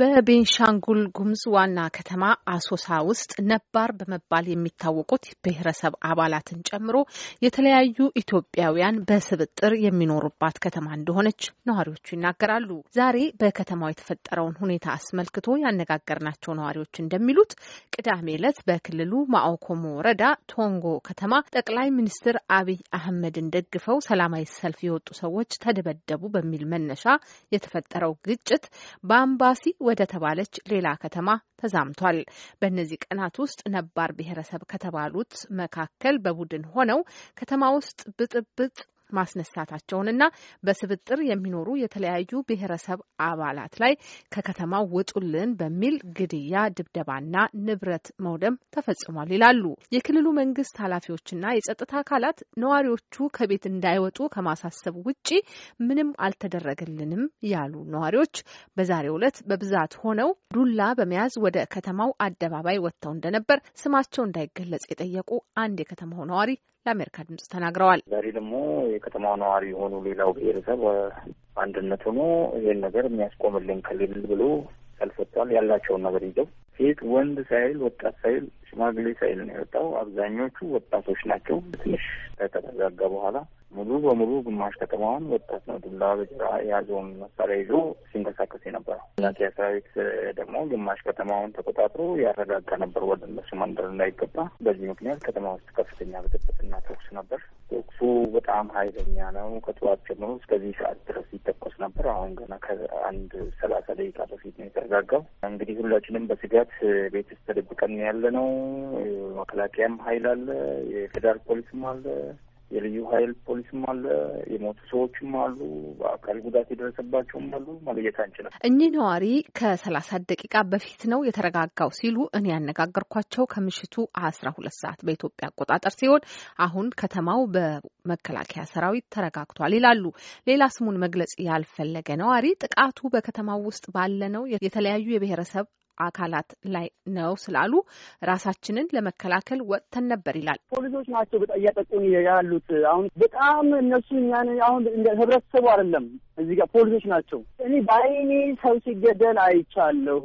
በቤንሻንጉል ጉሙዝ ዋና ከተማ አሶሳ ውስጥ ነባር በመባል የሚታወቁት ብሔረሰብ አባላትን ጨምሮ የተለያዩ ኢትዮጵያውያን በስብጥር የሚኖሩባት ከተማ እንደሆነች ነዋሪዎቹ ይናገራሉ። ዛሬ በከተማው የተፈጠረውን ሁኔታ አስመልክቶ ያነጋገርናቸው ነዋሪዎች እንደሚሉት ቅዳሜ ዕለት በክልሉ ማኦኮሞ ወረዳ ቶንጎ ከተማ ጠቅላይ ሚኒስትር አብይ አህመድን ደግፈው ሰላማዊ ሰልፍ የወጡ ሰዎች ተደበደቡ በሚል መነሻ የተፈጠረው ግጭት በአምባሲ ወደ ተባለች ሌላ ከተማ ተዛምቷል። በእነዚህ ቀናት ውስጥ ነባር ብሔረሰብ ከተባሉት መካከል በቡድን ሆነው ከተማ ውስጥ ብጥብጥ ማስነሳታቸውንና በስብጥር የሚኖሩ የተለያዩ ብሔረሰብ አባላት ላይ ከከተማው ውጡልን በሚል ግድያ፣ ድብደባና ንብረት መውደም ተፈጽሟል ይላሉ። የክልሉ መንግስት ኃላፊዎችና የጸጥታ አካላት ነዋሪዎቹ ከቤት እንዳይወጡ ከማሳሰብ ውጪ ምንም አልተደረገልንም ያሉ ነዋሪዎች በዛሬው ዕለት በብዛት ሆነው ዱላ በመያዝ ወደ ከተማው አደባባይ ወጥተው እንደነበር ስማቸው እንዳይገለጽ የጠየቁ አንድ የከተማው ነዋሪ ለአሜሪካ ድምጽ ተናግረዋል። ዛሬ ደግሞ የከተማው ነዋሪ የሆኑ ሌላው ብሔረሰብ አንድነት ሆኖ ይህን ነገር የሚያስቆምልን ክልል ብሎ ሰልፍ ያላቸውን ነገር ይዘው ሴት ወንድ ሳይል ወጣት ሳይል ሽማግሌ ሳይል ነው የወጣው። አብዛኞቹ ወጣቶች ናቸው። ትንሽ ከተረጋጋ በኋላ ሙሉ በሙሉ ግማሽ ከተማዋን ወጣት ነው ዱላ በጅራ የያዘውን መሳሪያ ይዞ ሲንቀሳቀስ መከላከያ ሰራዊት ደግሞ ግማሽ ከተማውን ተቆጣጥሮ ያረጋጋ ነበር ወደ እነሱ መንደር እንዳይገባ። በዚህ ምክንያት ከተማ ውስጥ ከፍተኛ ብጥብጥና ተኩስ ነበር። ተኩሱ በጣም ኃይለኛ ነው። ከጠዋት ጀምሮ እስከዚህ ሰዓት ድረስ ይተኮስ ነበር። አሁን ገና ከአንድ ሰላሳ ደቂቃ በፊት ነው የተረጋጋው። እንግዲህ ሁላችንም በስጋት ቤት ውስጥ ተደብቀን ያለ ነው። መከላከያም ሀይል አለ፣ የፌዴራል ፖሊስም አለ የልዩ ኃይል ፖሊስም አለ፣ የሞቱ ሰዎችም አሉ፣ በአካል ጉዳት የደረሰባቸውም አሉ። መለየት አንችልም። እኚህ ነዋሪ ከሰላሳ ደቂቃ በፊት ነው የተረጋጋው ሲሉ እኔ ያነጋገርኳቸው ከምሽቱ አስራ ሁለት ሰዓት በኢትዮጵያ አቆጣጠር ሲሆን አሁን ከተማው በመከላከያ ሰራዊት ተረጋግቷል ይላሉ። ሌላ ስሙን መግለጽ ያልፈለገ ነዋሪ ጥቃቱ በከተማው ውስጥ ባለነው የተለያዩ የብሔረሰብ አካላት ላይ ነው ስላሉ ራሳችንን ለመከላከል ወጥተን ነበር ይላል። ፖሊሶች ናቸው እያጠቁን ያሉት። አሁን በጣም እነሱ እኛን አሁን ህብረተሰቡ አይደለም እዚህ ጋር ፖሊሶች ናቸው። እኔ በአይኔ ሰው ሲገደል አይቻለሁ።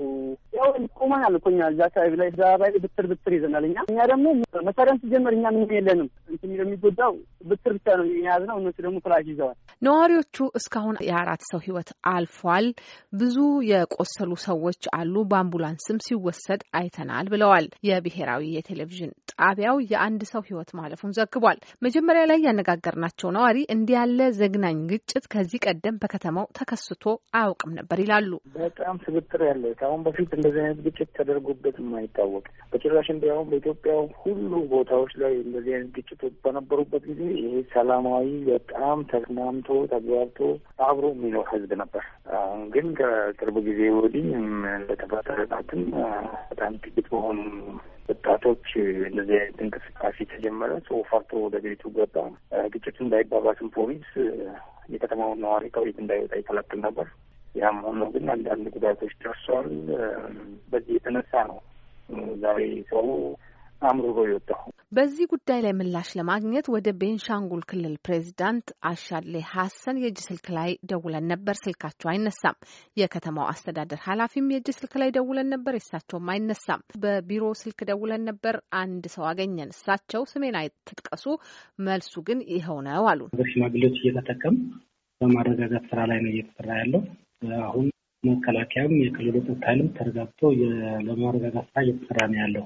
ያው ቆመናል እኮ እኛ እዚያ አካባቢ ላይ ዛባይ ብትር ብትር ይዘናል። እኛ እኛ ደግሞ መሳሪያም ሲጀመር እኛ ምንም የለንም። እንትን የሚጎዳው ብትር ብቻ ነው የያዝነው፣ እነሱ ደግሞ ፍላሽ ይዘዋል። ነዋሪዎቹ እስካሁን የአራት ሰው ህይወት አልፏል፣ ብዙ የቆሰሉ ሰዎች አሉ፣ በአምቡላንስም ሲወሰድ አይተናል ብለዋል። የብሔራዊ የቴሌቪዥን ጣቢያው የአንድ ሰው ሕይወት ማለፉን ዘግቧል። መጀመሪያ ላይ ያነጋገርናቸው ነዋሪ እንዲህ ያለ ዘግናኝ ግጭት ከዚህ ቀደም በከተማው ተከስቶ አያውቅም ነበር ይላሉ። በጣም ስብጥር ያለ ከአሁን በፊት እንደዚህ አይነት ግጭት ተደርጎበት የማይታወቅ በጭራሽ እንዲያውም በኢትዮጵያ ሁሉ ቦታዎች ላይ እንደዚህ አይነት ግጭቶች በነበሩበት ጊዜ ይሄ ሰላማዊ በጣም ተስማምቶ ተግባብቶ አብሮ የሚኖር ህዝብ ነበር። አሁን ግን ከቅርብ ጊዜ ወዲህ እንደተፈጠረጣትም በጣም ጥቂት መሆኑን ወጣቶች እንደዚህ አይነት እንቅስቃሴ ተጀመረ። ሰው ፈርቶ ወደ ቤቱ ገባ። ግጭቱ እንዳይባባስም ፖሊስ የከተማውን ነዋሪ ከቤት እንዳይወጣ ይከለክል ነበር። ያም ሆኖ ግን አንዳንድ ጉዳቶች ደርሷል። በዚህ የተነሳ ነው ዛሬ ሰው አምርሮ የወጣው። በዚህ ጉዳይ ላይ ምላሽ ለማግኘት ወደ ቤንሻንጉል ክልል ፕሬዚዳንት አሻሌ ሀሰን የእጅ ስልክ ላይ ደውለን ነበር። ስልካቸው አይነሳም። የከተማው አስተዳደር ኃላፊም የእጅ ስልክ ላይ ደውለን ነበር፣ የሳቸውም አይነሳም። በቢሮ ስልክ ደውለን ነበር፣ አንድ ሰው አገኘን። እሳቸው ስሜን አትጥቀሱ፣ መልሱ ግን ይኸው ነው አሉ። በሽማግሌዎች እየተጠቀም በማረጋጋት ስራ ላይ ነው እየተሰራ ያለው አሁን መከላከያም የክልሉ ጥታይልም ተረጋግቶ ለማረጋጋት ስራ እየተሰራ ነው ያለው።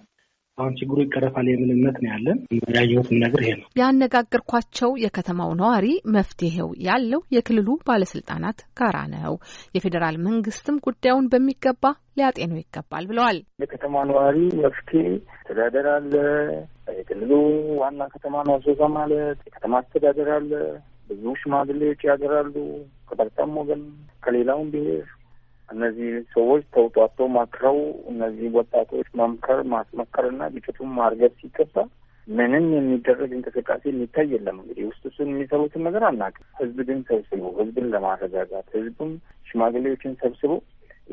አሁን ችግሩ ይቀረፋል የምን እምነት ነው ያለን። ያየሁትም ነገር ይሄ ነው። ያነጋገርኳቸው የከተማው ነዋሪ መፍትሄው ያለው የክልሉ ባለስልጣናት ጋራ ነው፣ የፌዴራል መንግስትም ጉዳዩን በሚገባ ሊያጤነው ይገባል ብለዋል። የከተማ ነዋሪ መፍትሄ አስተዳደር አለ፣ የክልሉ ዋና ከተማ ነው አሶሳ ማለት የከተማ አስተዳደር አለ። ብዙ ሽማግሌዎች ያገራሉ፣ ከበርታም ወገን ከሌላውም ብሄር እነዚህ ሰዎች ተውጧቶ መክረው እነዚህ ወጣቶች መምከር ማስመከርና ግጭቱን ማርገብ ሲገባ ምንም የሚደረግ እንቅስቃሴ የሚታይ የለም። እንግዲህ ውስጥ እሱን የሚሰሩትን ነገር አናውቅም። ህዝብ ግን ሰብስቦ ህዝብን ለማረጋጋት ህዝቡም ሽማግሌዎችን ሰብስቦ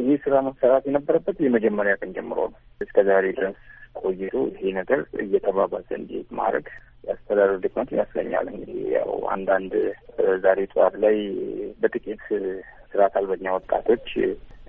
ይሄ ስራ መሰራት የነበረበት የመጀመሪያ ቀን ጀምሮ ነው። እስከ ዛሬ ድረስ ቆይቶ ይሄ ነገር እየተባባሰ እንዴት ማድረግ የአስተዳደር ድክመት ይመስለኛል። እንግዲህ ያው አንዳንድ ዛሬ ጠዋት ላይ በጥቂት ስርዓት አልበኛ ወጣቶች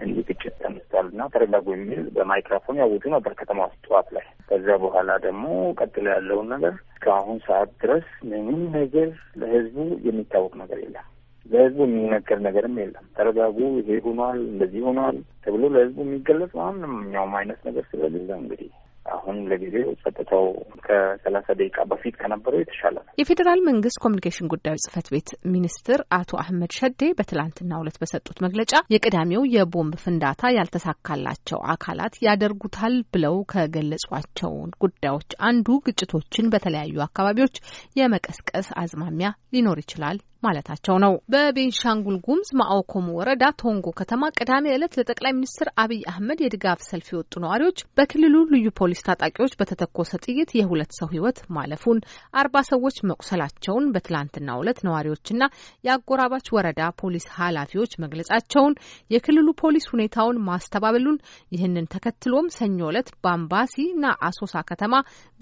እንዲህ ግጭት ተነስቷል እና ተረጋጉ የሚል በማይክሮፎን ያወጡ ነበር ከተማ ውስጥ ጠዋት ላይ። ከዚያ በኋላ ደግሞ ቀጥሎ ያለውን ነገር እስከአሁን ሰዓት ድረስ ምንም ነገር ለህዝቡ የሚታወቅ ነገር የለም። ለህዝቡ የሚነገር ነገርም የለም። ተረጋጉ፣ ይሄ ሆኗል፣ እንደዚህ ሆኗል ተብሎ ለህዝቡ የሚገለጽ ማንኛውም አይነት ነገር ስለሌለ እንግዲህ አሁን ለጊዜው ጸጥታው ከሰላሳ ደቂቃ በፊት ከነበረው የተሻለ ነው። የፌዴራል መንግስት ኮሚኒኬሽን ጉዳዮች ጽህፈት ቤት ሚኒስትር አቶ አህመድ ሸዴ በትላንትና ሁለት በሰጡት መግለጫ የቅዳሜው የቦምብ ፍንዳታ ያልተሳካላቸው አካላት ያደርጉታል ብለው ከገለጿቸው ጉዳዮች አንዱ ግጭቶችን በተለያዩ አካባቢዎች የመቀስቀስ አዝማሚያ ሊኖር ይችላል ማለታቸው ነው። በቤንሻንጉል ጉምዝ ማኦኮሞ ወረዳ ቶንጎ ከተማ ቅዳሜ ዕለት ለጠቅላይ ሚኒስትር አብይ አህመድ የድጋፍ ሰልፍ የወጡ ነዋሪዎች በክልሉ ልዩ ፖሊስ ታጣቂዎች በተተኮሰ ጥይት የሁለት ሰው ህይወት ማለፉን፣ አርባ ሰዎች መቁሰላቸውን በትላንትናው ዕለት ነዋሪዎችና የአጎራባች ወረዳ ፖሊስ ኃላፊዎች መግለጻቸውን፣ የክልሉ ፖሊስ ሁኔታውን ማስተባበሉን፣ ይህንን ተከትሎም ሰኞ ዕለት በአምባሲና አሶሳ ከተማ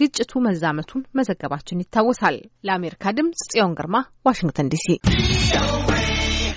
ግጭቱ መዛመቱን መዘገባችን ይታወሳል። ለአሜሪካ ድምጽ ጽዮን ግርማ ዋሽንግተን ዲሲ City.